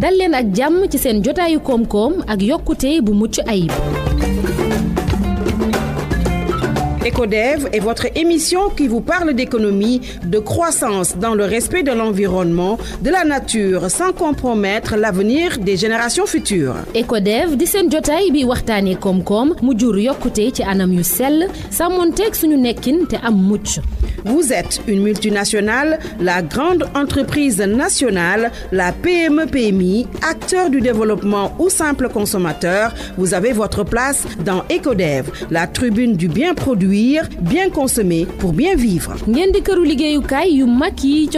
dal ak ci ak bu mucc ayib. ECODEV est votre émission qui vous parle d'économie, de croissance dans le respect de l'environnement, de la nature, sans compromettre l'avenir des générations futures. ECODEV di seen jotaay bi waxtaanee koom mu jur anam yu sell te vous êtes une multinationale, la grande entreprise nationale, la PME-PMI, acteur du développement ou simple consommateur. Vous avez votre place dans Ecodev, la tribune du bien produire, bien consommer pour bien vivre. ngeen di këru liggéeyukaay yu mag yi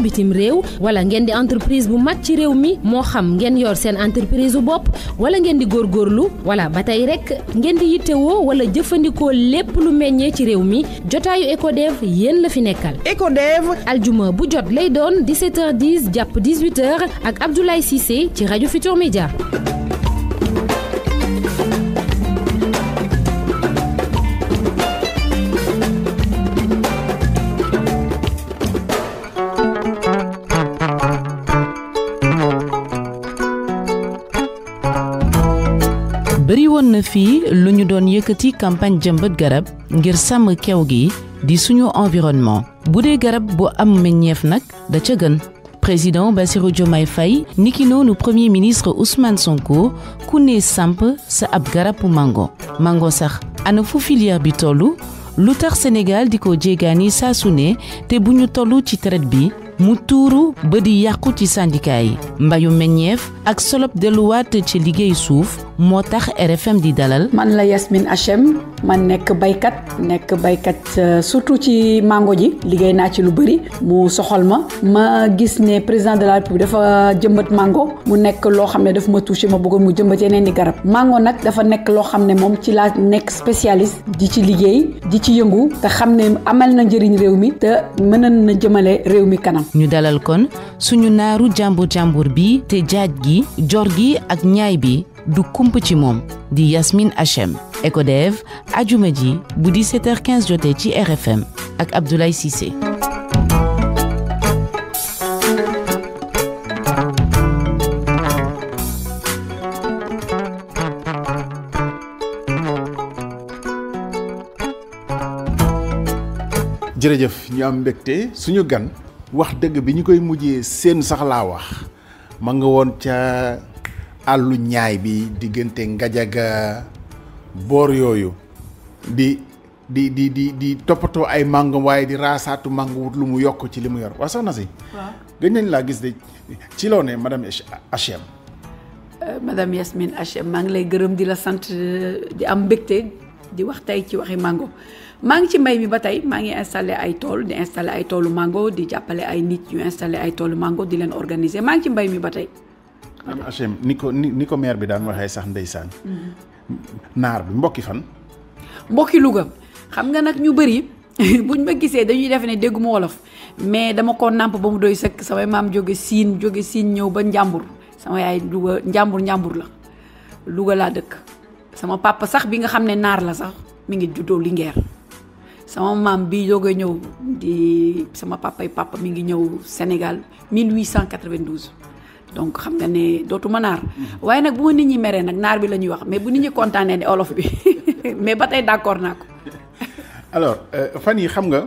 bitim réew wala ngeen di entreprise bu mag ci réew mi moo xam ngeen yor seen entreprise bu bopp wala ngeen di góorgóorlu wala ba tey rek ngeen di yittewoo wala jëfandikoo lépp lu meññee ci réew mi jotaayu Ecodev yéen yéen la fi nekkal ECODEV aljuma bu jot lay doon 17h10 jàpp 18h ak Abdoulaye Cissé ci rajo Futur Média bari woon na fii lu ñu doon campagne jëmbat garab ngir sàmm kew gi di suñu environnement bu garab bu am meññeef président Bassirou Diomaye Faye niki noonu premier ministre Ousmane Sonko ku ne samp sa ab mango mango sax ana fu filière bi tollu Sénégal diko ko jéggaani saa su ne te mu tuuru ba di yàqu ci syndicat yi mbayum meññeef ak solob delluwaat ci liggéey suuf moo rfm di dalal man la yasmin hm man nekk baykat nekk baykat euh, surtout ci mango ji liggéey naa ci lu bëri mu soxal ma ma gis ne président de la république dafa jëmbat mango mu nekk loo xam ne daf ma touché ma bëggoon mu jëmbat yeneen di garab mango nag dafa nekk loo xam ne moom ci nek nekk spécialiste di ci liggéey di ci yëngu te xam ne amal na njëriñ réew mi te mënan na jëmale réew mi kanam ñu dalal kon suñu naaru jàmbur jàmbur bi te jaaj gi jor gi ak ñaay bi du kump ci moom di Yasmine Hachem ECODEV ajuma ji bu 17 jotee ci RFM ak Abdoulaye Cissé suñu gan wax dëgg bi ñu koy mujjee seen sax laa wax ma nga woon ca àllu ñaay bi diggante ngajaga boor yooyu di di di di toppatoo ay màngam waaye di raasaatu màngo wut lu mu yokk ci li mu yor waa soxna si. waaw nañ laa gis de ci loo ne madame HM. madame Yasmine HM maa ngi lay gërëm di la sant di am mbégte di wax tey ci waxi màngo mang ci mbay mi batay mang maa installé ay tool di installé ay toolu mango di jappalé ay nit ñu installé ay toolu mango di len organiser mang ci mbay mi batay am HM niko niko maire bi daan waxee sax ndeysaan mm-hmm. nar bi mbokki fan mbokki Louga xam nga nak ñu bari buñ ma gisee dañuy def ne dégguma wolof mais dama ko namp ba mu doy sëkk samay maam jóge siin jóge siin ñëw ba njàmbur sama yaay Louga njàmbur njàmbur la luga laa dëkk sama papa sax bi nga xam ne naar la sax mi ngi juddoo Linguère sama di sama et papa mi Sénégal 1892 donc xam nga ne mhm. bu nit ñi mais bu nit ñi ne olof bi mais d'accord alors euh, fan xam nga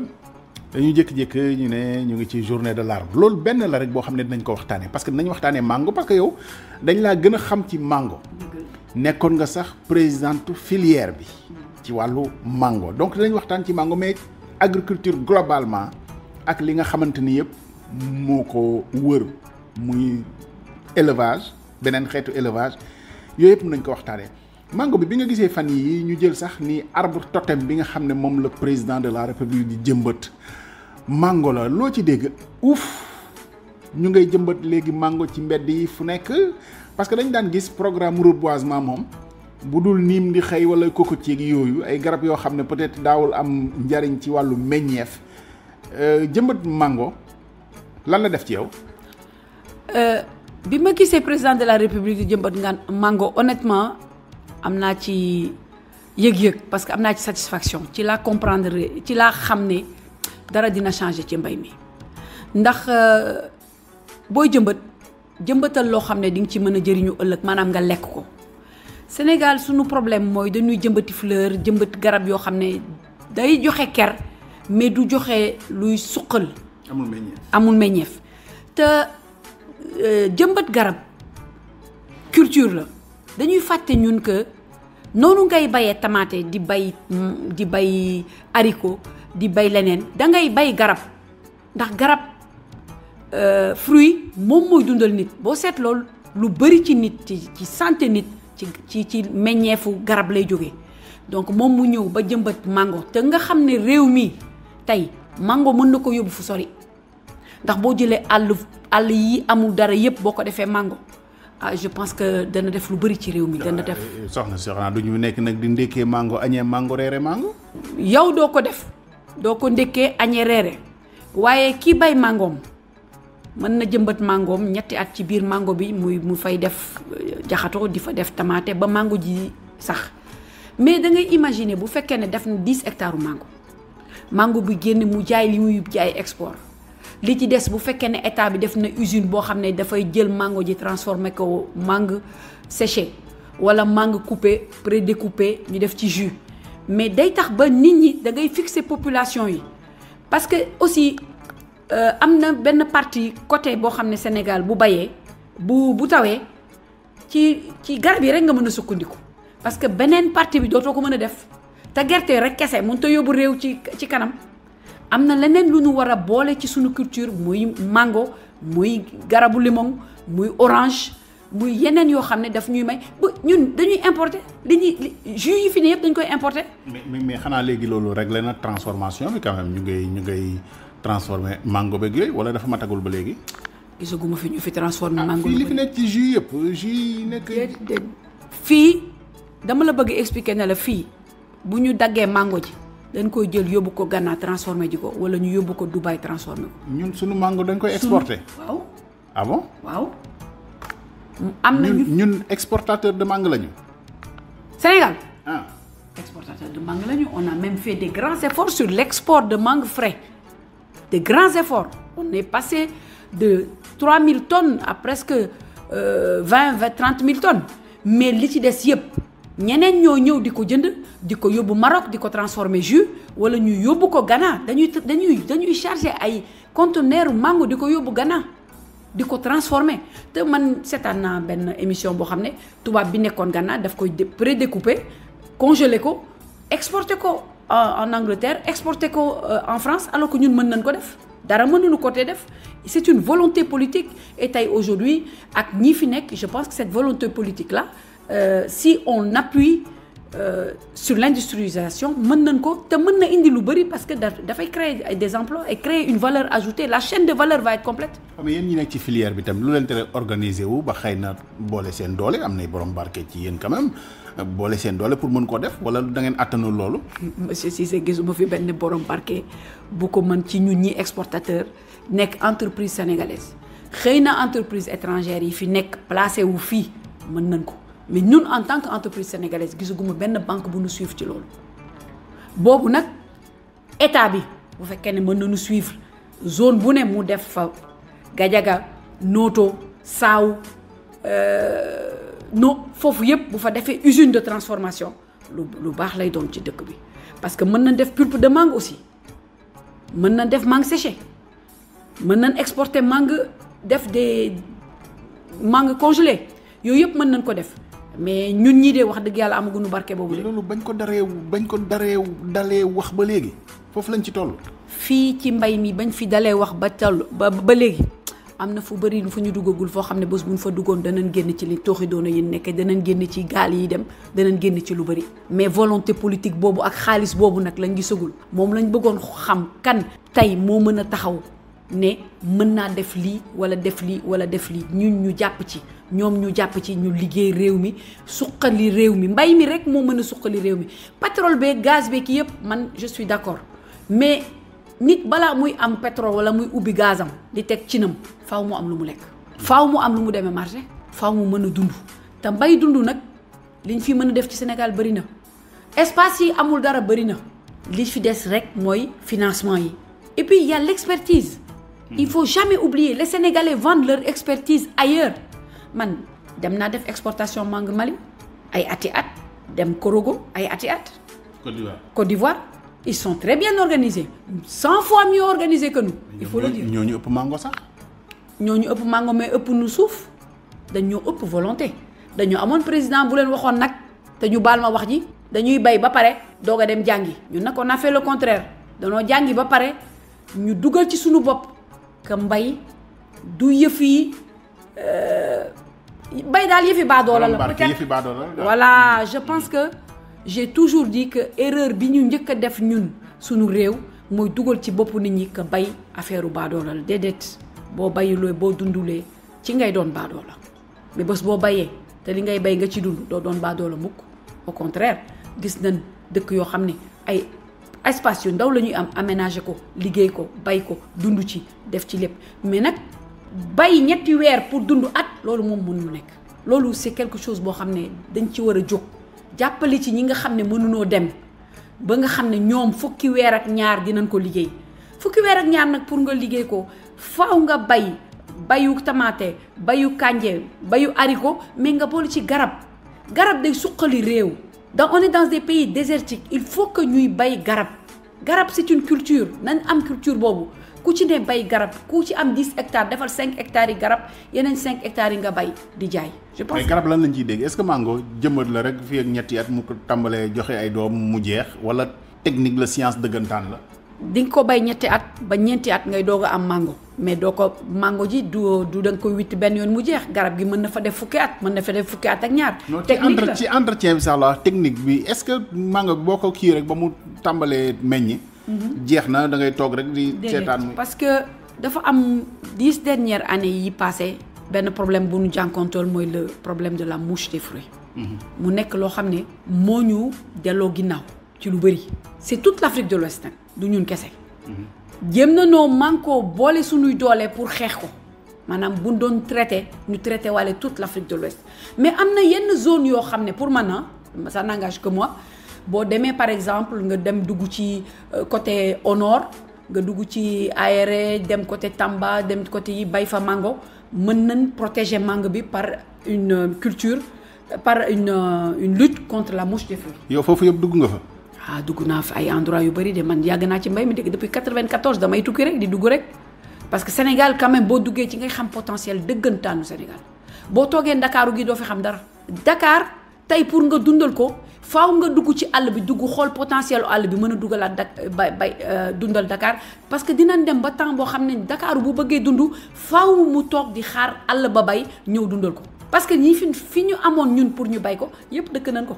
journée de l'arbre loolu benn la rek ko que mango parce que yow dañ laa gën xam ci mango. nga sax présidente filière mhm ci walu mango donc dañ waxtaan ci mango mais agriculture globalement ak li nga xamante ni yëpp moo ko wër muy élevage beneen xeetu élevage yooyu yëpp nañ ko waxtaanee mango bi bi nga gisee fan yi ñu jël sax ni arbre totem bi nga xam ne moom la président de la république di jëmbat mango la loo ci dégg ouf ñu ngay jëmbat léegi mango ci mbedd yi fu nekk parce que dañ daan gis programme reboisement moom budul nim di xey wala cocotier gi yoyu ay garab yo xamne peut-être dawul am njariñ ci walu meññef euh jëmbat mango lan la def ci yow euh bima gisé président de la république di jëmbat ngan mango honnêtement amna ci yeg yeg parce que amna ci satisfaction ci la comprendre ci la xamné dara dina changer ci mbay mi ndax euh, boy jëmbat jëmbatal lo xamné di nga ci mëna jëriñu ëlëk manam nga lek ko Sénégal sunu problème mooy dañuy jëmbati fleur jëmbati garab yoo xam ne day joxe ker mais du joxe luy suqal. amul meññeef te euh, jëmbat garab culture la dañuy fàtte ñun que noonu ngay bayee tamaate di bay di bay ariko di bay leneen da ngay bay garab ndax garab euh, fruit moom mooy dundal nit boo seet loolu lu bari ci nit ci ci nit. ci ci ci meññeefu garab lay jóge donc moom mu ñëw ba jëmbat mango te nga xam ne réew mi tey mango mën na ko yóbbu fu sori ndax boo jëlee àll àll yi amul dara yépp boo ko defee màngo ah je pense que dana def lu bari ci réew mi dana def euh, soxna si xanaa du ñu nekk nag di ndékkee mango añee mango reere mango yow doo ko def doo ko ndékkee añee reere waaye kii bay màngoom man na jëmbat mangoom ñetti at ci biir mango bi muy mu fay def euh, jaxato di fa def tamate ba mango ji sax mais da ngay imaginer bu fekkee ne def na 10 hectares mango mango bi génn mu jaay li muy jaay export li ci des bu fekkee ne état bi def na usine boo xam ne dafay jël mango ji transformer ko mangue séché wala mangue coupé découpé ñu def ci jus mais day tax ba nit ñi da ngay fixer population yi parce que aussi euh, am na benn partie côté boo xam ne Sénégal bu bayee bu bu tawee ci ci garab yi rek nga mën a sukkandiku parce que beneen partie bi dootoo ko mën a def te gerte rek kese mënut a yóbbu réew ci ci kanam am na leneen lu ñu war a boole ci sunu culture muy mango muy garabu limon muy orange muy yeneen yoo xam ne daf ñuy may ba ñun dañuy importer li ñuy jus yi fi ne yëpp dañ koy importer. mais mais xanaa léegi loolu réglé na transformation bi quand même ñu ngay ñu ngay. transformé mango bi yooyu wala dafa matagul ba légui gisaguma fi ñu fi transformé ah, mango li fi nek ci jus yëpp jus nek fi dama la bëgg expliquer na la fi bu ñu daggé mango ji dañ koy jël yobbu ko Ghana transformé ji ko wala ñu yobbu ko Dubai transformé ko. ñun suñu mango dañ koy exporter waaw ah bon waaw. am na ñun exportateur de mango lañu. Sénégal. ah exportateur de mangue lañu on a même fait des grands efforts sur l' de mangue frais. grands efforts. On est passé de 3 000 tonnes à presque 20, 20 30 000 tonnes mais li c'est, des yëpp ñeneen ñoo ñëw di ko jënd di ko Maroc di transformer jus wala ñu yóbbu ko Ghana dañuy dañuy dañuy chargé ay conteneur mango di ko yóbbu Ghana di ko transformer te man seetaan naa émission boo xam ne tubaab bi nekkoon Ghana daf koy prédécouper congeler ko exporter ko euh, en Angleterre exporté ko euh, en France alors que nous ne nañ ko def dara c'est une volonté politique et aujourd'hui ak ñi je pense que cette volonté politique là euh, si on appuie euh, sur l'industrialisation mën nañ ko te mën na indi lu bëri parce que dafay créer des emplois et créer une valeur ajoutée la chaîne de valeur va être complète. xam nga yéen ñi nekk ci filière bi tam lu leen tere organiser wu ba xëy na boole seen doole am nay borom barke ci yéen quand même boole seen doole pour mën koo def wala da ngeen àttanul loolu. monsieur Cissé gisuma fi benn borom barke bu ko mën ci ñun ñi exportateur nekk entreprise sénégalaise xëy na entreprise étrangère yi fi nekk placé wu fii mën nañ ko mais nous, en tant qu'entreprise sénégalaise, sénégalaise avons une banque bu nous suivre ci nous boobu nag état bi bu fekkee nous suivre dans suivre zone bu ne mu def fa gadjaga Noto euh no fofu yeb bu fa defé usine de transformation lu lu bax lay don ci bi parce que meun faire def pulpes de mangue aussi meun faire def mangue séchées. Nous nañ exporter mangue def des mangue congelé Nous yeb meun nañ ko def mais ñun ñi de wax dëgg de. loolu bañ ko daree bañ ko daree dalee wax ba léegi foofu lañ ci toll. ci mbay mi bañ fi dalee wax ba toll ba ba am fu bëri fu ñu duggagul ne bés bu ñu fa duggoon danañ génn ci li tooxi doona dem génn ci lu mais volonté politique boobu ak xaalis lañ kan ne mën naa def lii wala def lii wala def lii ñun ñu jàpp ci ñoom ñu jàpp ci ñu liggéey réew mi suqali mbay mi rek a suqali pétrole gaz yépp man je suis d'accord mais nit balaa muy am pétrole wala muy ubbi gazam di teg cinam faaw mu am lu mu lekk. faaw mu am lu mu marché faaw mbay na espace yi amul dara bari na li fi des rek financement yi et puis y a l'expertise. Hmm. il faut jamais oublier les Sénégalais vendent leur expertise ailleurs man dem naa def exportation mangue Mali ay ati at dem Korogo ay ati at. Côte d'Ivoire Côte d'Ivoire ils sont très bien organisés 100 fois mieux organisés que nous. il faut le dire ñooñu ëpp mango sax. ñooñu ëpp mango mais ëpp nu suuf dañoo ëpp volonté dañoo amoon président bu leen waxoon nag te ñu baal ma wax ji dañuy bay ba paré doga dem jangi ñun nak on a fait le contraire dañu jangi ba paré ñu duggal ci suñu bop que mbay du yëf yi euh, avons daal voilà je pense que j'ai toujours dit que erreur bi ñu njëkk a def ñun suñu réew mooy dugal ci bopp ñi que bay affaire u baadoola la déedéet boo ci ngay mais bés boo bayee te li ngay bay nga ci dund doo doon au contraire gis nañ dëkk yoo xam ay espace yu ndaw lañuy am aménager ko liggéey ko bay ko dund ci def ci mais nag bay ñetti pour at c'est quelque chose boo xam ne dañ ci war a jóg ci ñi nga dem ba nga xam ne fukki weer ak ñaar dinañ ko liggéey fukki weer ak ñaar nag pour nga liggéey ko faaw nga bay bayu bayu bayu ariko mais nga boole ci garab garab day donc on est dans des pays désertiques il faut que ñuy bay garab garab c'est une culture nañ am culture boobu ku ci ne bay garab ku ci am 10 hectares defal 5 hectares yi garab yeneen 5 hectares yi nga bay dijay. je pense mais garab lan lan ciy dégg est-ce que mango jëmbat la rek fi ak ñetti at mu ko tàmbalee joxe ay doom mu jeex wala technique la science de dëggantaan la. di ko bay ñetti at ba ñeenti at ngay doog am mango mais doo ko mango ji du du da koy witti benn yoon mu jeex garab gi mën na fa def fukki at mën na fa def fukki at ak ñaar. technique la ci entretien bi sax la technique bi est-ce que mango boo ko kii rek ba mu tàmbalee meññ. Mhm. jeex na da ngay toog rek di. seetaan parce que dafa am dix dernières années yi passé benn problème bu nu jànkonteel mooy le problème de la mouche des fruits. Mhm. mu nekk loo xam ne moo ñu delloo ginnaaw. Tu lu bëri c'est toute l'Afrique de l'Ouest nag du ñun kese mhm. jéem na noo manko boole suñuy doole pour xeex ko maanaam buñ doon traité ñu traité waale toute l'Afrique de l'Ouest mais amna na yenn zone yo xam pour man hein, ça n'engage que moi Bo demee par exemple nga dem dugg ci euh, côté au nord nga dugg ci Aéré e, dem côté Tamba dem côté yi bay mango mën nañ protéger mango bi par une culture par une euh, une lutte contre la mouche des fruits yow foofu yëpp dugg nga fa dugg naa fi ay endroit yu bari de man yàgg naa eh, ci mbay mi dégg depuis 94 damay tukki rek di dugg rek parce que Sénégal quand même boo duggee ci ngay xam potentiel dëggantaanu Sénégal boo toogee Ndakaaru gi doo fi xam dara Dakar tey pour nga dundal ko faaw nga dugg ci àll bi dugg xool potentiel àll bi mën a dugalaat dak bay eh, bay eh, dundal Dakar parce que dinañ dem ba temps boo xam ne Dakar bu bëggee dund faaw mu toog di xaar àll ba bay ñëw dundal ko parce que ñi fi fi ñu amoon ñun pour ñu bay ko yépp dëkk nañ ko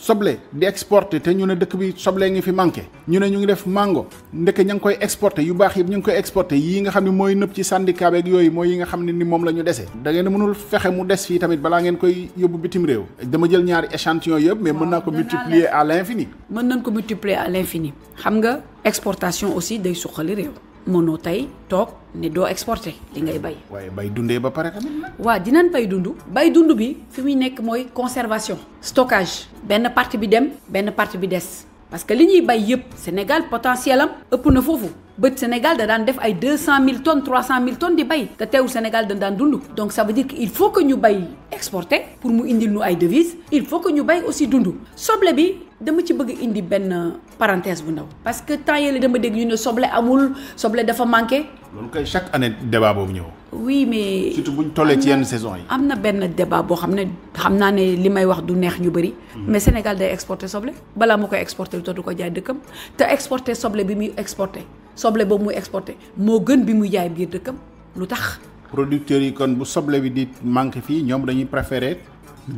soble di exporter te ñu ne dëkk bi soble ngi fi manqué ñu ne ñu ngi def mango ndeke ña ngi koy exporte yu baax yi ñu ngi koy exporter yii nga xam ne mooy nëb ci syndicat beeg yooyu mooy yi nga xam ne ni moom lañu ñu dese da ngeen mënul fexe mu des fii tamit balaa ngeen koy yóbbu bitim réew dama jël ñaari échantillon yëpp mais mën naa ko multiplier à l'infini mën nañ ko multiplier à l'infini xam nga exportation aussi day suqali réew Monotai tey toog ne doo exporter li ngay bay. waaye bay dundé ba paré tamit nag. waaw dinañ bay dundu bay dundu bi fi muy nekk conservation. stockage ben partie bi dem ben partie bi dess parce que li ñuy bay yépp Sénégal potentielam am ëpp na fofu bët Sénégal da daan def ay deux cent mille tonnes trois cent mille tonnes di bay te teewul Sénégal da daan dund donc ça veut dire qu'il faut que ñu bay exporter pour mu indil ñu ay devises il faut que ñu bay aussi dund soble bi dama ci bëgg indi benn parenthèse bu ndaw parce que temps yële dama dégg ñu ne soble amul soble dafa manqué. loolu kay chaque année débat boobu ñëw. oui mais surtout buñ tollee ci yenn saison yi. am na benn débat boo xam ne xam naa ne li may wax du neex ñu bëri. Mhm. mais Sénégal day exporter soble balaa moo koy exporter te du ko jaay dëkkam te exporter soble bi muy exporter soble boobu muy exporter moo gën bi muy jaay biir dëkkam lu tax. producteurs yi kon bu soble bi di manqué fii ñoom dañuy préféré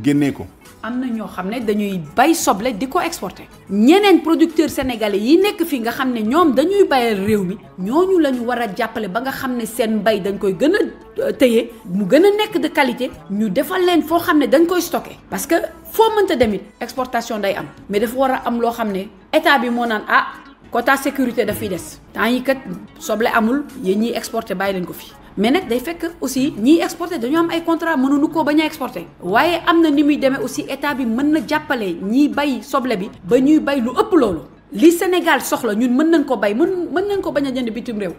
génnee ko. am na ñoo xam ne dañuy bay soble di ko exporté ñeneen producteurs sénégalais yi nekk fii nga xam ne ñoom dañuy bayal réew mi ñooñu la ñu war a jàppale ba nga xam ne seen mbay dañ koy gën a euh, tëye mu gën a nekk de qualité ñu defal leen foo xam ne dañ koy stocké parce que foo mënta demit exportation day am mais dafa war a am loo xam ne état bi moo naan ah quota sécurité dafiy des temps yi kat soble amul yéen ñiy exporté bàyyi leen ko fii mais nak day fekk aussi ñi exporter dañu am ay contrat mënu koo bañ a exporté waaye am ni muy aussi état bi mën na jàppale ñiy bay soble bi ba ñuy bay lu ëpp lolu li Sénégal soxla ñun mën nañ ko bay mën mën nañ ko baña jënd bitum rew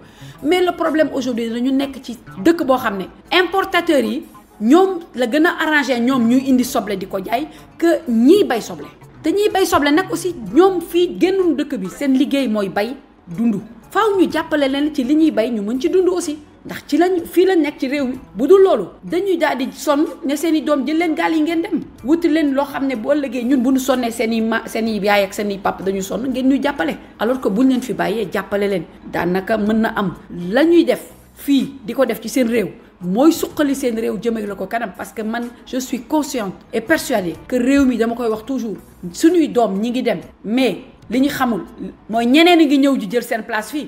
mais le problème aujourd'hui dañu nekk ci dëkk bo xamné importateur importateurs yi ñom la gëna arranger ñom ñuy indi soble di ko jaay que ñi bay soble te ñiy bay soble nak aussi ñom fi génnuñu dëkk bi seen liggéey moy bay dundu faaw ñu jappalé leen ci li ñuy bay ñu mën ci dundu aussi ndax ci lañ fii la nekk ci réew mi bu dul loolu dañuy daal di sonn ne seen i doom jël leen gaal yi ngeen dem wuti leen loo xam ne boo ëllëgee ñun bu ñu sonnee seen i ma seen i yaay ak seen i papa dañuy sonn ngeen ñuy jàppale alors que buñ leen fi bàyyee jàppale leen daanaka mën na am la ñuy def fii di ko def ci seen réew mooy suqali seen réew jëmee la ko kanam parce que man je suis consciente et persuadée que réew mi dama koy wax toujours suñuy doom ñi ngi dem mais li ñu xamul mooy ñeneen ngi ñëw ji jël seen place fii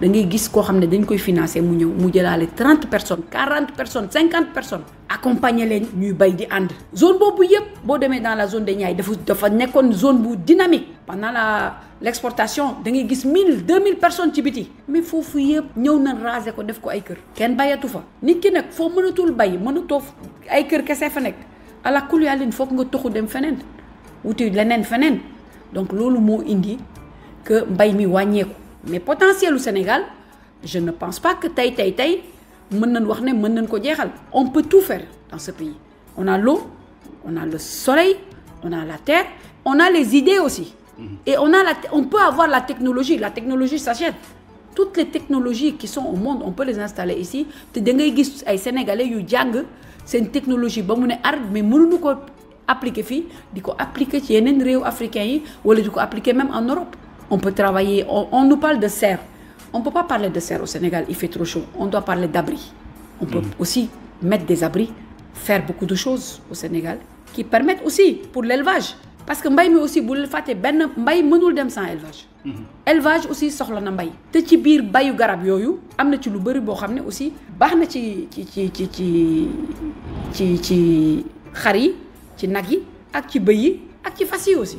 da ngay gis koo xam ne dañ koy financer mu ñëw mu jëlaale 30 personnes 40 personnes 50 personnes accompagner leen ñuy bay di ànd zone boobu yëpp boo demee dans la zone de ñaay dafa dafa nekkoon zone bu dynamique pendant la l'exportation. exportation da gis 1000 2000 personnes ci biti mais foofu yëpp ñëw na raser ko def ko ay kër kenn bayatu fa nit ki nag foo mënatul bay mënatoo ay kër kese fa nekk ala kulyalin foog nga toxu dem feneen wuti leneen feneen donc loolu moo indi que mbay mi wàññeeku mais potentiel au Sénégal je ne pense pas que tay tay tay, on peut tout faire dans ce pays on a l'eau on a le soleil on a la terre on a les idées aussi mhm. et on a la on peut avoir la technologie la technologie s'achète toutes les technologies qui sont au monde on peut les installer ici te da sénégalais yu c'est une technologie qui est ar mais nous ko appliquer fi? l'appliquer appliquer ci ou les appliquer même en Europe on peut travailler, on, nous parle de serre. On ne peut pas parler de serre au Sénégal, il fait trop chaud. On doit parler d'abri. On peut mm. aussi mettre des abris, faire beaucoup de choses au Sénégal qui permettent aussi pour l'élevage. Parce que mbay aussi ben, mbay sans élevage. Mm-hmm. élevage aussi c'est na mbay. te garab aussi ci ci ci ci ci ci ci aussi.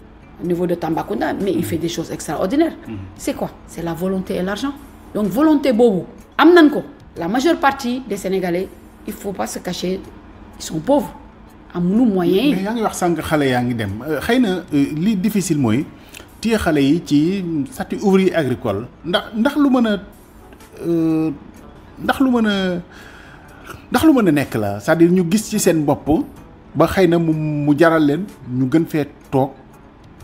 niveau de Tambacounda, mais il fait des choses extraordinaires. Mhm. C'est quoi C'est la volonté et l'argent. Donc volonté beaucoup amnanko. La majeure partie des Sénégalais, il faut pas se cacher, ils sont pauvres. amuñu moyen mais wax qui euh, euh, difficile c'est agricole ndax euh, la c'est-à-dire ñu ci ba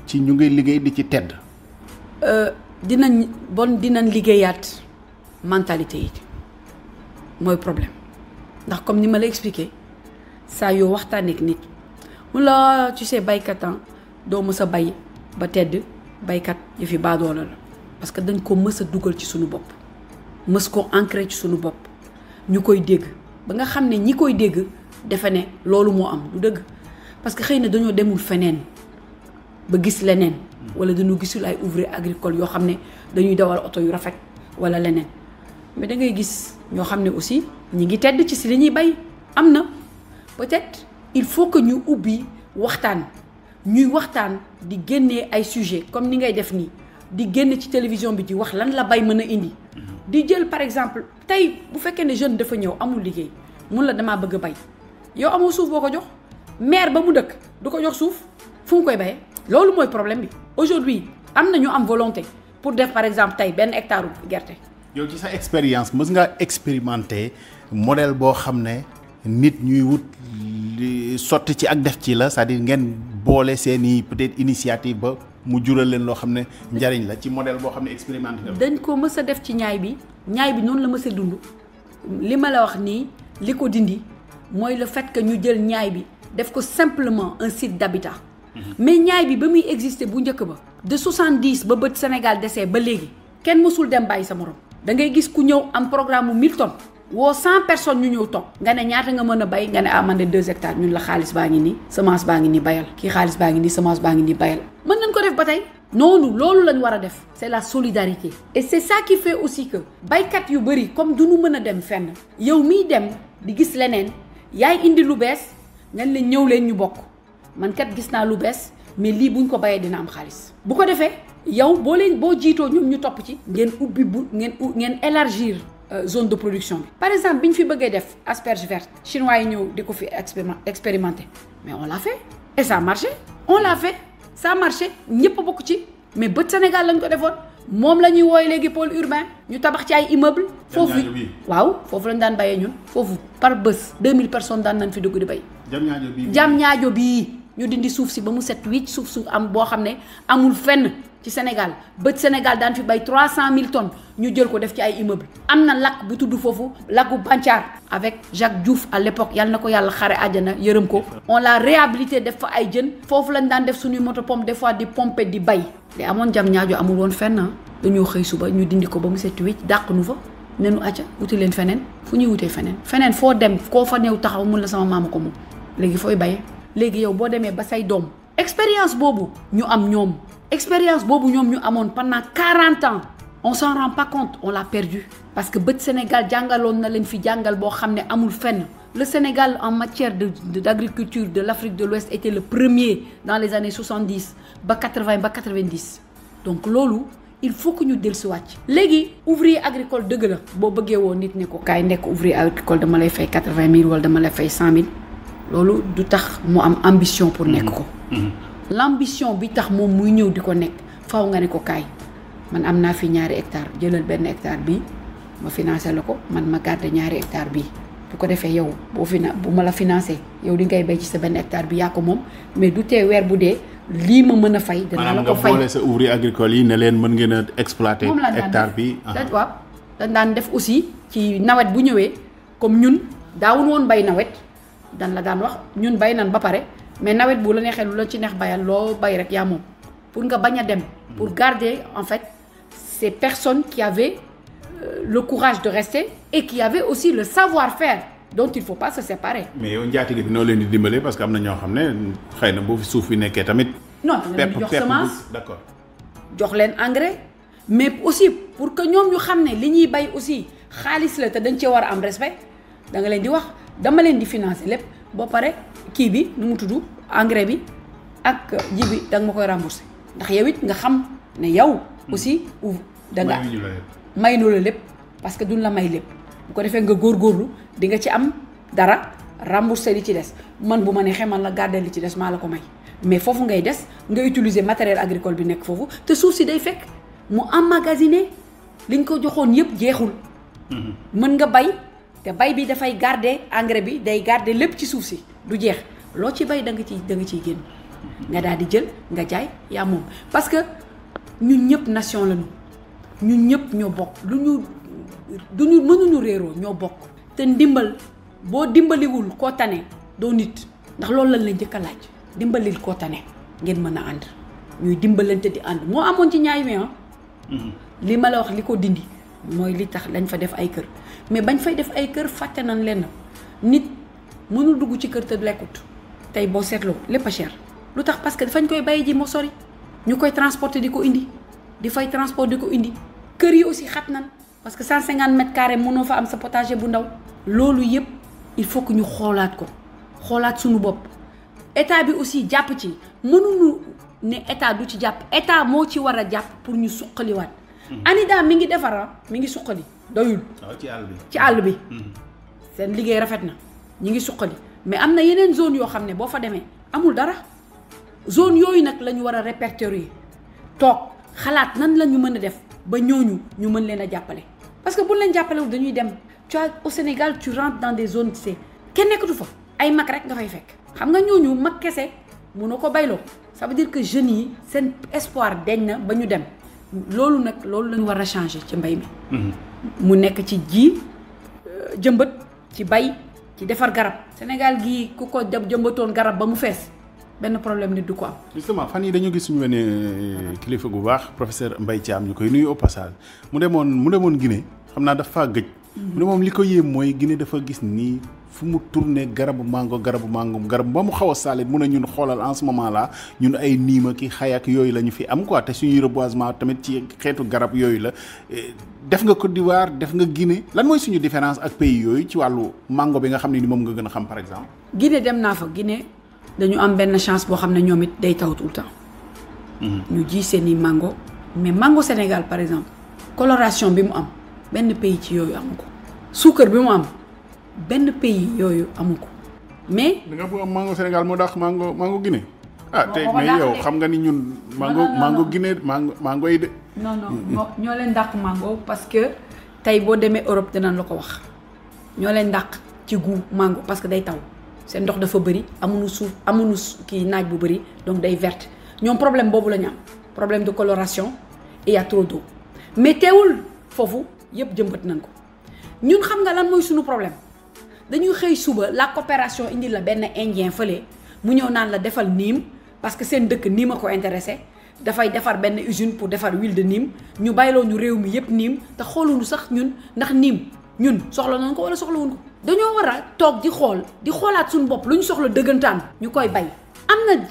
ci ñu ngay liggéey di ci tedd. Euh, dinañ bon dinañ liggéeyaat mentalité yi mooy problème ndax comme ni ma la expliqué saa yoo waxtaanee ak nit mu la tu baykatan ah, doo mës a bay ba tedd baykat yi fi baadoola la parce que dañ ko mës a dugal ci suñu bopp mës ko ancré ci suñu bopp ñu koy dégg ba nga xam ne ñi koy dégg defe ne loolu moo am du dëgg parce que xëy na dañoo demul feneen. ba gis leneen wala dañu gisul ay ouvrier agricole yoo xam ne dañuy dawal oto yu rafet wala leneen mais da ngay gis ñoo xam ne aussi ñi ngi tedd ci si li ñuy bay am na peut-être il faut que ñu ubbi waxtaan ñuy waxtaan di génnee ay sujet comme ni ngay def nii di génn ci télévision bi di wax lan la bay mën a indi di jël par exemple tey bu fekkee ne jeune dafa ñëw amul liggéey mun la damaa bëgg a bay yow amoo suuf boo ko jox maire ba mu dëkk du ko jox suuf fu mu koy bayee c'est le problème aujourd'hui nous avons une volonté pour faire par exemple hectare yow ci sa expérience expérimenter modèle qui nit ñuy wut sotti c'est-à-dire peut-être initiative mu jural la modèle expérimenté dañ ko def ci ñaay bi ñaay bi la le fait que ñu jël ñaay bi def simplement un site d'habitat mais ñaay bi ba muy exister bu njëkk ba de 70 ba bët Sénégal desee ba léegi kenn mësul dem bàyyi sa morom da ngay gis ku ñëw am programme mu 1000 tonnes woo 100 personnes ñu ñëw toog nga ne ñaata nga mën a bay nga ne ah man de 2 hectares ñun la xaalis baa ngi nii semence baa ngi nii bayal kii xaalis baa ngi nii semence baa ngi nii bayal mën nañ ko def ba tey noonu loolu lañ war a def c'est la solidarité et c'est ça aussi que baykat yu bëri comme du ñu mën a dem fenn yow miy dem di gis leneen yaay indi lu bees nga la ñëw leen ñu bokk man kat gis naa lu bees mais lii buñ ko bayee dina am xaalis bu ko defee yow boo leen boo jiitoo ñoom ñu topp ci ngeen ubbi bu ngeen ngeen élargir euh, zone de production bi par exemple biñ fi bëggee def asperge verte chinois yi ñëw di ko fi expérimenté mais on l'a fait et ça a marché on l'a fait ça a marché ñëpp a bokk ci mais bët Sénégal lañ ko defoon moom la ñuy wooy léegi pôle urbain ñu tabax ci ay immeuble foofu waaw foofu lañ daan bayee ñun foofu par bés 2000 personnes daan nañ fi dugg di bay jam ñaajo bii ñu dindi souf si bamou mu set wicc suuf suuf am bo xamné amul fenn ci Sénégal beut Sénégal daan fi bay 300000 tonnes ñu jël ko def ci ay immeuble amna na bu tuddu fofu lakku Bancaar avec Jacques Diouf à l'époque yalla nako yalla xaré xare yeureum ko on l'a réhabilité def fa ay jeun fofu lañ daan def suñu moto pompe des fois di pompe di bay li amone jam ñaajo amul won fenn ah. dañoo xey suba ñu dindi ko bamou mu set wicc dàq nu fa nenu acca wuti len fenen fu ñuy wutee fenen feneen foo dem ko fa new taxaw mun la sama mamako mu moom foy fooy léegi yow bo demee ba say dom expérience bobu ñu am ñom expérience bobu ñom ñu amone pendant 40 ans on s'en rend pas compte on l'a perdu parce que beut Sénégal jàngaloon na leen fi jangal bo xamné amul fenn le Sénégal en matière de d'agriculture de l'Afrique de l'Ouest était le premier dans les années 70 ba 80 ba 90 donc lolu il faut que nous dellusiwaat wacc léegi ouvrier agricole dëgg la boo bëggee woo nit ne ko kay nek ouvrier agricole dama lay fay 80 000 wala dama lay fay 100 000 loolu du tax mu am ambition pour nekk ko mm-hmm. mm-hmm. l' ambition bi tax moom muy ñëw di ko nekk faw nga ne ko kaay man am naa fi ñaari hectare jëlal benn hectare bi ma financé la ko man ma garder ñaari hectare bi bu ko defee yow boo fina bu ma la financé yow di ngay béy ci sa benn hectare bi yaa ko moom mais du tee weer bu dee lii ma mën a fay danaa la ko fay maanaam nga boole agricole yi ne leen mën ngeen a exploité hectare bi waaw dañ daan def aussi ci nawet bu ñëwee comme ñun daawun woon bay nawet dan la daan wax ñun bay nan ba paré mais nawet bu la neexee lu la ci nex bayal lo bay rek ya mom pour nga baña dem pour garder en fait ces personnes qui avaient euh, le courage de rester et qui avaient aussi le savoir-faire dont il faut pas se séparer. mais on njaatige bi noo leen di dimbalé parce que amna ño xamné xeyna ne xëy na bu suuf bi nekkee tamit. non jox semence d'accord jox leen engrais mais aussi pour que ñom ñu xamné ne li ñuy bay aussi xaalis la té dañ ci war am respect da nga leen di wax. dama leen di financer lépp ba pare kii bi nu mu tudd engrais bi ak ji bi da ma koy rembourser ndax yow it nga xam ne yow. aussi da nga may nu la lépp parce que duñ la may lépp bu ko defee nga góorgóorlu di nga ci am dara rembourser li ci des man bu ma neexee man la garder li ci des maa la ko may mais foofu ngay des nga utiliser matériel agricole bi nekk foofu te suuf si day fekk mu am li nga ko joxoon yëpp jeexul. Mhm. mën nga bay. té bay bi fay garder engrais bi day garder lepp ci souf ci du jeex lo ci bay da nga ci da nga ci genn nga daal di jël nga jaay yaa mom parce que ñun ñëpp nation lañu ñun ñëpp ñoo bok lu duñu mënu ñu réro ñoo bok té ndimbal dimbali wul ko tané do nit ndax loolu lañ la jëkka laaj dimbalil ko tané ngeen mëna and ñuy dimbalante di and moo amon ci ñaay mi ah. mm-hmm. li ma la wax liko dindi moy li tax lañ fa def ay kër mais bañ fay def ay kër fàtte nañ lenn nit mënul dugg ci kër te lekkut tey boo seetloo lépp a cher lu tax parce que fañ koy bàyyi ji moo sori ñu koy transporter di ko indi di fay transport di ko indi kër yi aussi xat nan parce que 150 mètres carrés mënoo fa am sa potager bu ndaw loolu yëpp il faut que ñu xoolaat ko xoolaat suñu bopp état bi aussi jàpp ci mënuñu ne état du ci jàpp état moo ci war a jàpp pour ñu suqaliwaat Mm-hmm. ANIDA mi ngi defara mi ngi suqali doyul. Ah, ci àll bi ci àll bi. Mm-hmm. seen liggéey rafet na ñi ngi suqali mais am na yeneen zone yoo xam ne boo fa demee amul dara zone yooyu nag la ñu war a répertorier toog xalaat nan la ñu mën a def ba ñooñu ñu mën leen a jàppale. parce que buñ leen jàppalewul dañuy dem tu au Sénégal tu rentres dans des zones c' kenn nekkatu fa ay mag rek nga fay fekk xam nga ñooñu mag kese mun mënoo ko bayloo ça veut dire que jeunes yi seen espoir deñ na ba ñu dem. loolu nag loolu lañu war a changé ci mbay mi mhm. mu nekk ci ji euh, jëmbat ci bay ci defar garab Sénégal gii ku ko jëmbatoon garab ba mu fees benn problème nit du ko am justement fan yi dañu gis suñu wenn euh, kilifa gu baax professeur Mbaye am ñu koy nuyu au passage mu demoon mu demoon gine xam naa dafa faa gëj mhm. mu ne moom li ko yéem mooy gine dafa gis nii fu mu tourné garabu mango garabu mango garab ba mu xaw a saalit mun ñun xoolal en ce moment là ñun ay niima ki xay ak yooyu la ñu fi am quoi te suñuy reboisement tamit ci xeetu garab yooyu la eh, def nga Côte d'Ivoire def nga Guinée lan mooy suñu différence ak pays yooyu ci wàllu mango bi nga xam ne ni moom nga gën a xam par exemple. dem naa fa dañu am benn chance boo xam ne ñoom it day taw tout le mhm. ji seen i mango mais mango Sénégal par exemple coloration bi mu am benn pays ci yooyu amu ko suukar bi mu am. benn pays yooyu amu ko mais. da nga bëgg a mango Sénégal moo dàq mango mango Guinée. ah tey mais yow xam nga ni ñun. mango mango Guinée mango mango yi de. non non hmm. ñoo leen dàq mango parce que tey boo demee Europe dinañ la ko wax ñoo leen dàq ci goût mango parce que day taw seen ndox dafa bëri amuñu suuf amuñu kii naaj bu bëri donc day verte ñoom problème boobu la ñu am problème de coloration et y a trop d'eau mais teewul foofu yëpp jëmbat nañ ko ñun xam nga lan mooy suñu problème dañuy xey suba la coopération indi la benn indien fële mu ñëw naan la defal niim parce que seen dëkk niim a ko intéressé dafay defar benn usine pour defar huile de niim ñu bàyyiloo ñu réew mi yépp niim te xooluñu sax ñun ndax niim ñun soxla nañ ko wala soxlawuñ ko. dañoo war a toog di xool di xoolaat suñu bopp lu ñu soxla dëggantaan ñu koy bay am na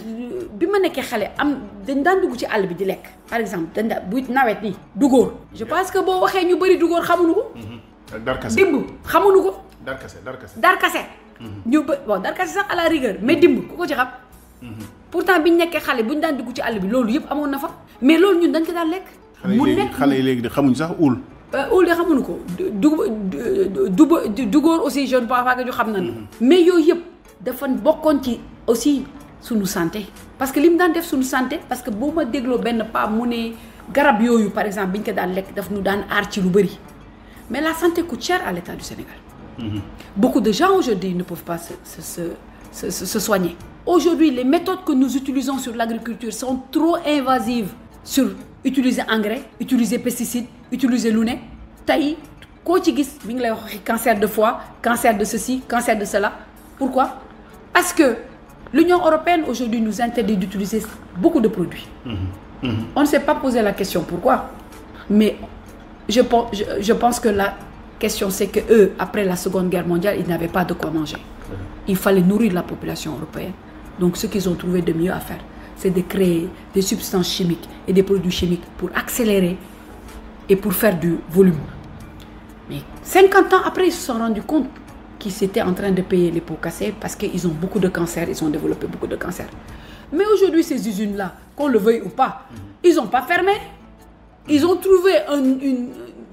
bi ma nekkee xale am dañ daan dugg ci àll bi di lekk par exemple dañ daan bu nawet ni dugóor je pense que boo waxee ñu bëri dugóor xamuñu ko. Mm-hmm. dimb xamuñu ko. darkase darkase darkase mhm. ñu ba bon darkase sax à la rigueur mais dimb ku ko ci xam mhm. pourtant biñ nekkee xale bu buñ daan dugg ci àll bi loolu yëpp amoon na fa mais loolu ñun dañ ko daan lekk mu nekk xale yi léegi de xamuñ sax uul euh, uul de xamuñu ko du dugóor aussi jeune papa ju xam nañu mhm. mais yooyu yëpp dafa bokkoon ci aussi suñu santé parce que li mu daan def suñu santé parce que boo ma dégloo benn paa mu ne garab yooyu par exemple bi ñu ko daan lekk daf ñu daan aar ci lu bëri mais la santé coûte cher à l'État du Sénégal Mhm. Beaucoup de gens aujourd'hui ne peuvent pas se, soigner. Aujourd'hui, les méthodes que nous utilisons sur l'agriculture sont trop invasives sur utiliser engrais, utiliser pesticides, utiliser lunettes. Taï, cancer de foie, cancer de ceci, cancer de cela. Pourquoi Parce que l'Union européenne aujourd'hui nous interdit d'utiliser beaucoup de produits. Mhm. Mhm. On ne s'est pas posé la question pourquoi. Mais je, je pense que là question, c'est que eux, après la Seconde Guerre mondiale, ils n'avaient pas de quoi manger. Il fallait nourrir la population européenne. Donc, ce qu'ils ont trouvé de mieux à faire, c'est de créer des substances chimiques et des produits chimiques pour accélérer et pour faire du volume. Mais 50 ans après, ils se sont rendus compte qu'ils étaient en train de payer les pots cassés parce qu'ils ont beaucoup de cancers, ils ont développé beaucoup de cancers. Mais aujourd'hui, ces usines-là, qu'on le veuille ou pas, mhm. ils n'ont pas fermé. Ils ont trouvé une,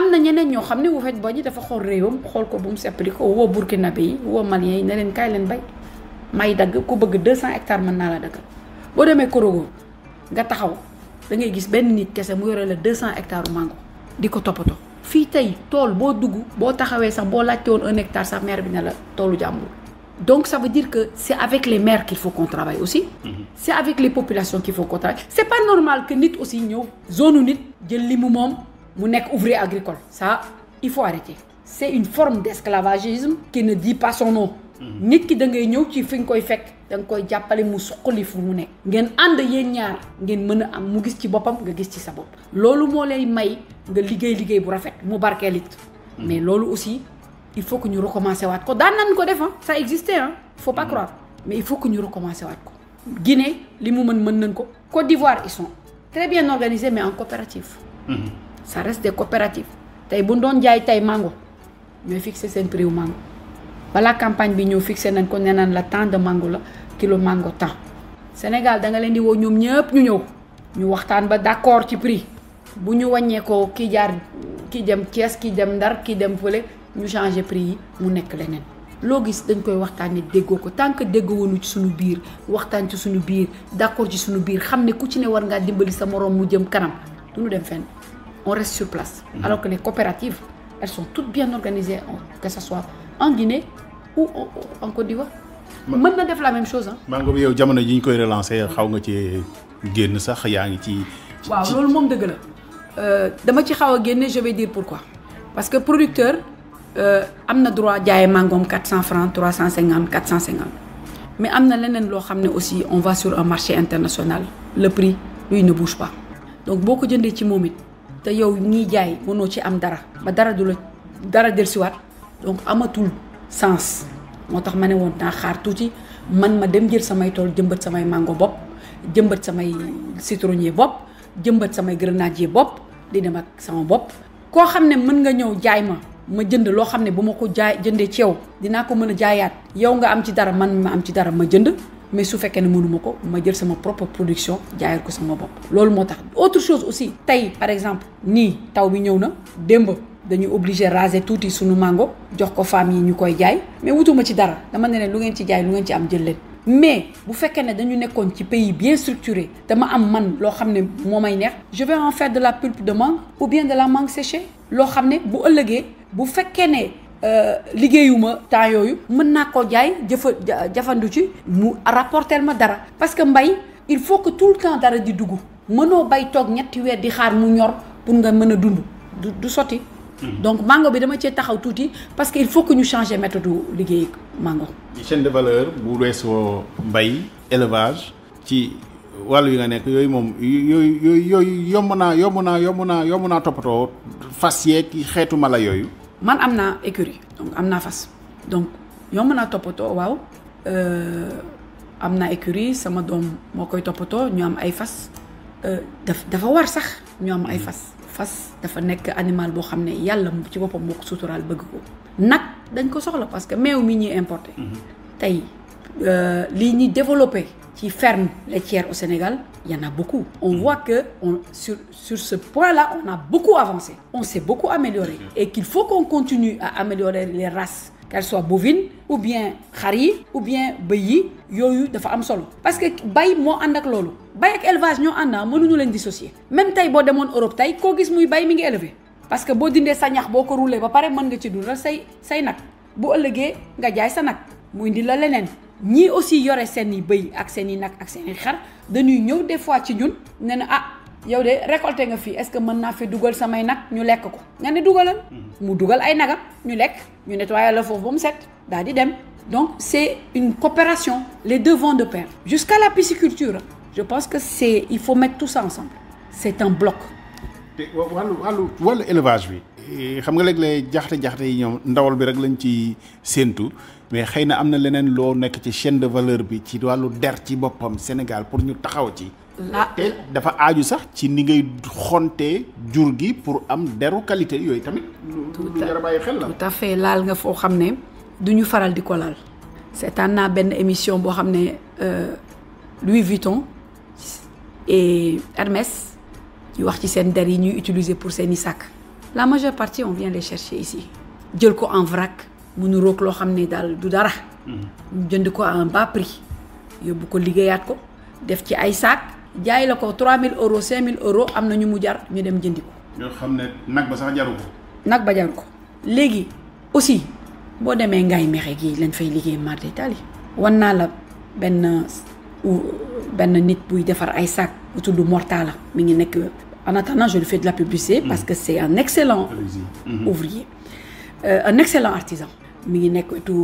amna ñeneen ñoo xam ne Houphouët Boigny dafa xool réewam xool ko bu mu seppali ko woo burkinabé yi woo malien yi ne leen kaay leen bay may dagg ku bëgg 200 hectares mën naa la daggal boo demee Korogo nga taxaw da ngay gis benn nit kese mu yore la 200 hectares mango di ko toppatoo. fii tey tool boo dugg boo taxawee sax boo laajte woon un hectare sax maire bi ne la toolu jàmbur. donc ça veut dire que c'est avec les maires qu'il faut qu'on travaille aussi. Mhm. c'est avec les populations qu'il faut qu'on travaille. c'est pas normal que nit aussi ñëw zone nit jël limu moom mu nekk ouvrier agricole ça il faut arrêter c'est une forme d'esclavagisme qui ne dit pas son nom mhm. nit ki da ngay ñëw ci fi nga koy fekk da nga koy jàppale mu suqali fu mu nekk ngeen ànd yéen ñaar ngeen mën a am mu gis ci boppam nga gis ci sa bopp loolu moo lay may nga liggéey liggéey bu rafet mu barkeel it mhm. mais loolu aussi il faut que ñu recommencer waat ko daan nan ko def hein? ça existait ah faut pas mhm. croire mais il faut que ñu recommencer waat ko Guinée li mu mën mën nañ ko Côte d'Ivoire ils sont très bien organisés mais en coopérative ça reste des coopératives tey bu doon jaay mango ñooy fixé sen prix au mango la campagne bi ñeu fixé nañ ko nee la temps de mango la kilo mango tant Sénégal da nga leen di wo ñom ñepp ñu ñëw ñu waxtaan ba d'accord ci prix bu ñu wàññee ko ki jaar ki dem ties ki dem d'ar ki dem fële ñu changer prix yi mu nek leneen Lo gis dañ koy waxtaanee déggoo ko tant que wonu ci suñu biir waxtaan ci suñu biir d'accord ci suñu biir xamné ne ku ci né war nga dimbali sa morom mu jëm kanam du ñu dem fenn on reste sur place. Mhm. Alors que les coopératives, elles sont toutes bien organisées, que ce soit en Guinée ou en Côte d'Ivoire. maintenant na def la même chose hein. mango bi yow jamono relancé, ñu koy relancer xaw nga ci génn sax yaa ngi ci. waaw loolu moom dëgg la euh, dama ci xaw a je vais dire pourquoi. parce que producteur euh, am le droit jaayee mangom 400 francs 350 450 mais amna lenen lo xamné aussi on va sur un marché international le prix lui ne bouge pas donc boko ko ci momit te yow ngi jaay mënoo ci am dara ba dara du la dara dellusiwaat donc amatul sens moo tax ma ne woon naa xaar tuuti man ma dem jël samay tool jëmbat samay mango bopp jëmbat samay citronnier bopp jëmbat samay grenadier bopp di dem ak sama bopp. koo xam ne mën nga ñëw jaay ma ma jënd loo xam ne bu ma ko jaay jëndee ci yow dinaa ko mën a jaayaat yow nga am ci dara man ma am ci dara ma jënd. mais su fekkee ne mënuma ko ma jël sama propre production jaayal ko sama bopp loolu moo tax autre chose aussi tey par exemple nii taw bi ñëw na démb dañu obligé raser tuuti suñu mango jox ko femmes yi ñu koy jaay mais wutuma ci dara dama ne lu ngeen ci jaay lu ngeen ci am jël leen mais bu fekkee ne dañu nekkoon ci pays bien structuré dama am man loo xam ne moo may neex je vais en faire de la pulpe de mangue ou bien de la mangue séchée loo xam ne bu ëllëgee bu fekkee ne euh, liggéeyuma temps yoyu mën na ko jaay jëfa jafandu ci mu rapporter ma dara parce que mbay il faut que tout le temps dara di dugg mënoo bay tok ñetti weer di xaar mu ñor pour nga mën a dund du soti hmm. donc mango bi dama ci taxaw touti parce que il faut que ñu changer méthode liggéey mango chaîne de valeur bu wesso mbay élevage ci walu yi nga nek yoy mom yoy yoy yooyu yomna yomna yomna naa yomb naa yomb mala man am naa écurie donc am naa fas donc yomb naa toppatoo waaw euh, am naa écurie sama doom moo koy toppatoo ñu am ay fas euh, daf dafa war sax ñu am ay mm. fas fas dafa nekk animal boo xam ne yàlla ci boppam moo ko suturaal bëgg ko nag dañ ko soxla parce que meew mi ñuy importé mm-hmm. tey Euh, Lignes développées qui ferment les tiers au Sénégal il y en a beaucoup on mm. voit que sur sur ce point là on a beaucoup avancé on s'est beaucoup amélioré et qu'il faut qu'on continue à améliorer les races qu'elles soient bovines ou bien khari, ou bien bëy yoyu, de am solo parce que bay moi andak ak loolu élevage ñoo ànd naa dissocier même tay bo demoon Europe tey koo gis muy bay mi ngi élevé parce que bo dindee des ñax boo ko rouler ba nga ci say say nak. bu mu indi la leneen ñii aussi yore seen i bëy ak seen i nag ak seen i xar dañuy ñëw des fois ci ñun ne na ah yow de récolté nga fii est-ce que mën naa fi dugal samay nag ñu lekk ko nga ne dugalal mhm. mu dugal ay nagam ñu lekk ñu nettoyé la foofu ba mu set daal di dem donc c'est une coopération les deux vont de pair jusqu'à la pisciculture je pense que c'est il faut mettre tout ça ensemble c'est un bloc wàllu wàllu wàllu élevage bi eh, xam nga léeg-léeg jaxte jaxte yi ñoom ndawal bi rek lañ ci séentu mais xeyna amna leneen lo nek ci chaîne de valeur bi ci walu der ci bopam Sénégal pour ñu taxaw ci. Ah. te dafa aaju sax ci ni ngay xonté jur gi pour am deru qualité yoy tamit. Tout jar a xel la tout à fait laal nga fo xamné duñu faral di ko laal. un naa ben émission boo xam ne euh, Louis Vuitton et Hermès ñu wax ci sen der yi ñu utiliser pour seen sac la majeure partie on vient les chercher ici jël ko en vrac munu roog loo xam ne daal du dara ñu hmm. jënd ko à un bas prix yóbbu ko liggéeyaat ko def ci ay saak jaay la ko 3000 euros 5000 euros am na ñu mu jar ñu dem jëndi ko yoo xam ne nag ba sax jaru ko nag ba jaru ko léegi aussi boo demee ngay mexe gii lañ fay liggéey mardi Italie wan naa la benn benn nit buy defar ay sac bu tudd Mortala mi ngi nekk en attendant je le fais de la publicité hmm. parce que c'est un excellent hmm. ouvrier euh, un excellent artisan mi ngi nekk wetu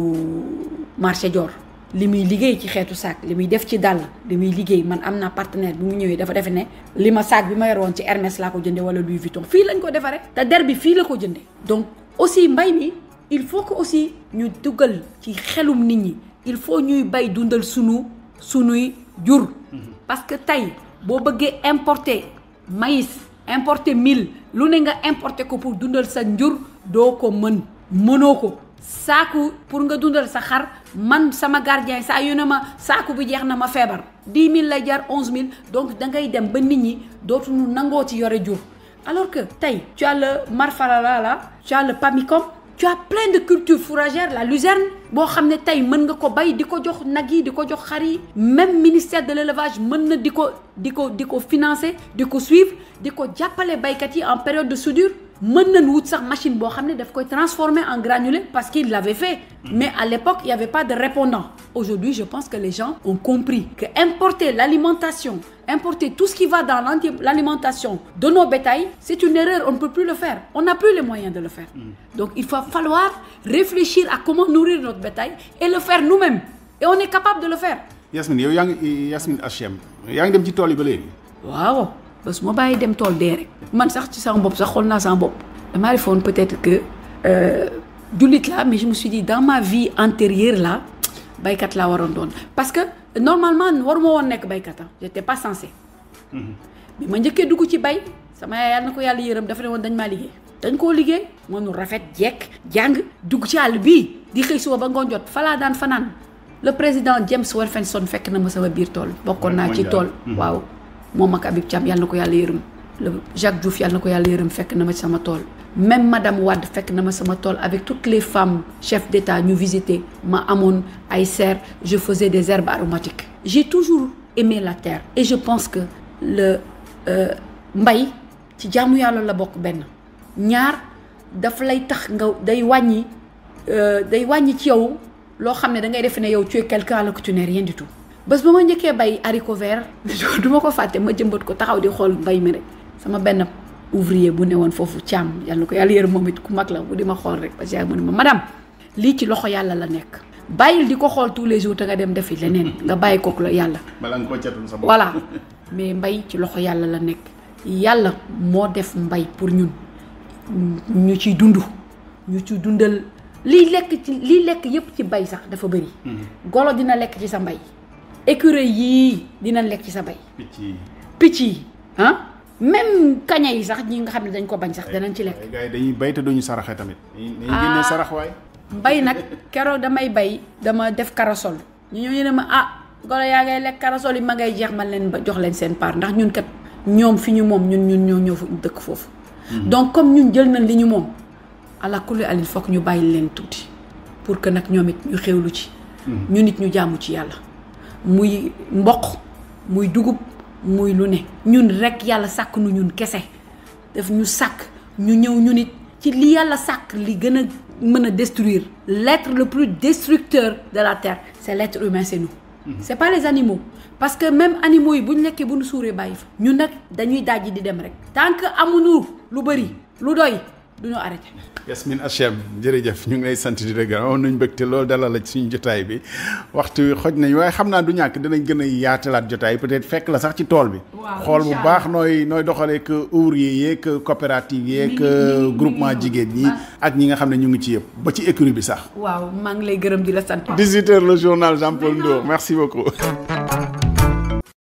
marché Dior li muy liggéey ci xeetu saak li muy def ci dàll li muy man amna naa partenaire bi mu ñëwee dafa defe ne li ma saak bi ma yoroon ci Hermès laa ko jënde wala Louis Vuitton fii lañ ko defaree te der bi fii la ko jënde donc aussi mbay mi il faut que aussi ñu dugal ci xelum nit ñi il faut ñuy bay dundal sunu sunuy jur parce que tey boo bëggee importer maïs importer mil lu ne nga importer ko pour dundal sa njur doo ko mën mënoo saaku pour nga dundal sa xar man sama gardien saa yu ne ma saaku bu jeex na ma feebar dix mille lay jar onze mille donc da dem ba nit ñi ci alors que tu as le tu as le pamicom tu as plein de cultures fourragères la luzerne boo xam ne tey nga ko bay di jox même ministère de l'élevage mën na financer di suivre en période de soudure ils ont transformé machine transformer en granulé parce qu'il l'avait fait mais à l'époque il n'y avait pas de répondant aujourd'hui je pense que les gens ont compris que importer l'alimentation importer tout ce qui va dans l'alimentation de nos bétails c'est une erreur on ne peut plus le faire on n'a plus les moyens de le faire mm. donc il va falloir réfléchir à comment nourrir notre bétail et le faire nous-mêmes et on est capable de le faire Yasmine yow yang Yasmine HM yang dem ci ba parce que ma dem tol dé rek man sax ci sama bop sax xool naa sama bop damaa defoon peut-être que euh jullit laa mais je me suis dit dans ma vie antérieure là baykat la waron don parce que normalement waruma won nek baykat ah j'étais pas censé mhm. mais ma ñëké dugg ci bay sama yaay nako yalla yërem dafa ne dañ ma liggé dañ ko liggé mo mënu rafet jek jang dugg ci àll bi di xey suba ba ngoon jot falaa daan fanaan le président James Wolfenson fekk na ma sama biir tol bokkoon na ci tol mhm. waaw Mama ak Habib Thiam yàlla na ko yàlla Jacques Diouf yalla nako yalla yàlla fek nama na ma sama tol même madame Wade fek na ma sama tol avec toutes les femmes chefs d'État ñu visité ma amone ay serre je faisais des herbes aromatiques j'ai toujours aimé la terre et je pense que le euh, mbay ci Jamu yalla la bokk ben ñaar daf lay tax nga day euh, day wàññi ci yow lo da ngay def ne yow tu es quelqu'un alors que tu n'es rien du tout ba ba ma njëkkee bay haricot vert du ma ko fàtte ma jëmbat ko taxaw di xool mbay mi rek sama benn ouvrier bu ne woon foofu càmm yàlla na ko yàlla yërëm moom it ku mag la bu di ma xool rek parce que mu ne ma madame lii ci loxo yàlla la nekk bàyyil di ko xool tous les jours te nga dem defi leneen nga bàyyi kook la yàlla. balaa nga ko catul sa bopp voilà mais mbay ci loxo yàlla la nekk yàlla moo def mbay pour ñun ñu ciy dund ñu ci dundal lii lekk ci lii lekk yépp ci bay sax dafa bëri. Mm-hmm. golo dina lekk ci sa mbay. écureuil yi dina lekk ci sa bay picc yi picc ah? même kaña yi sax ñi nga xam ne dañ ko bañ sax danañ ci lekk gars yi dañuy bay te duñu saraxe tamit dañuy ah. génne sarax waay bay nag keroog damay bay dama def karasol ñu ñëw ñu ma ah golo yaa ngay lekk karasol yi ma ngay jeex man leen ba jox leen seen part ndax ñun kat ñoom fi ñu moom ñun ñun ñoo ñëw dëkk foofu hmm. donc comme ñun jël nañ li ñu moom ala kulli alil fokk ñu bàyyi leen tuuti pour que nag ñoom it ñu xewlu ci hmm. ñu nit ñu jaamu ci yàlla muy mboq muy dugub muy lu ne ñun rek yàlla sàkk nu ñun kese daf ñu sàkk ñu ñëw ñu nit ci li yàlla sàkk li gën a mën a détruire l'être le plus destructeur de la terre c'est l'être humain c'est nous mhm. c'est pas les animaux parce que même animaux yi bu ñu lekkee bu ñu suuree bàyyi fa ñun nag dañuy dajji di dem rek tant que amuñu lu bëri lu doy du ñu arrêté. Yasmine Hachem jërëjëf ñu ngi lay sant di la gërëm nañ bëgg te loolu dalal la ci suñu jotaay bi waxtu wi xoj nañ waaye xam naa du ñàkk danañ gën a yaatalaat jotaay peut-être fekk la sax ci tool bi. xool bu baax nooy nooy doxalee que ouvrier yeeg coopérative yeeg groupement jigéen ñi ak ñi nga xam ne ñu ngi ci yëpp ba ci écurie bi sax. waaw maa ngi lay la sant. 18h le journal Jean Paul Ndour merci beaucoup.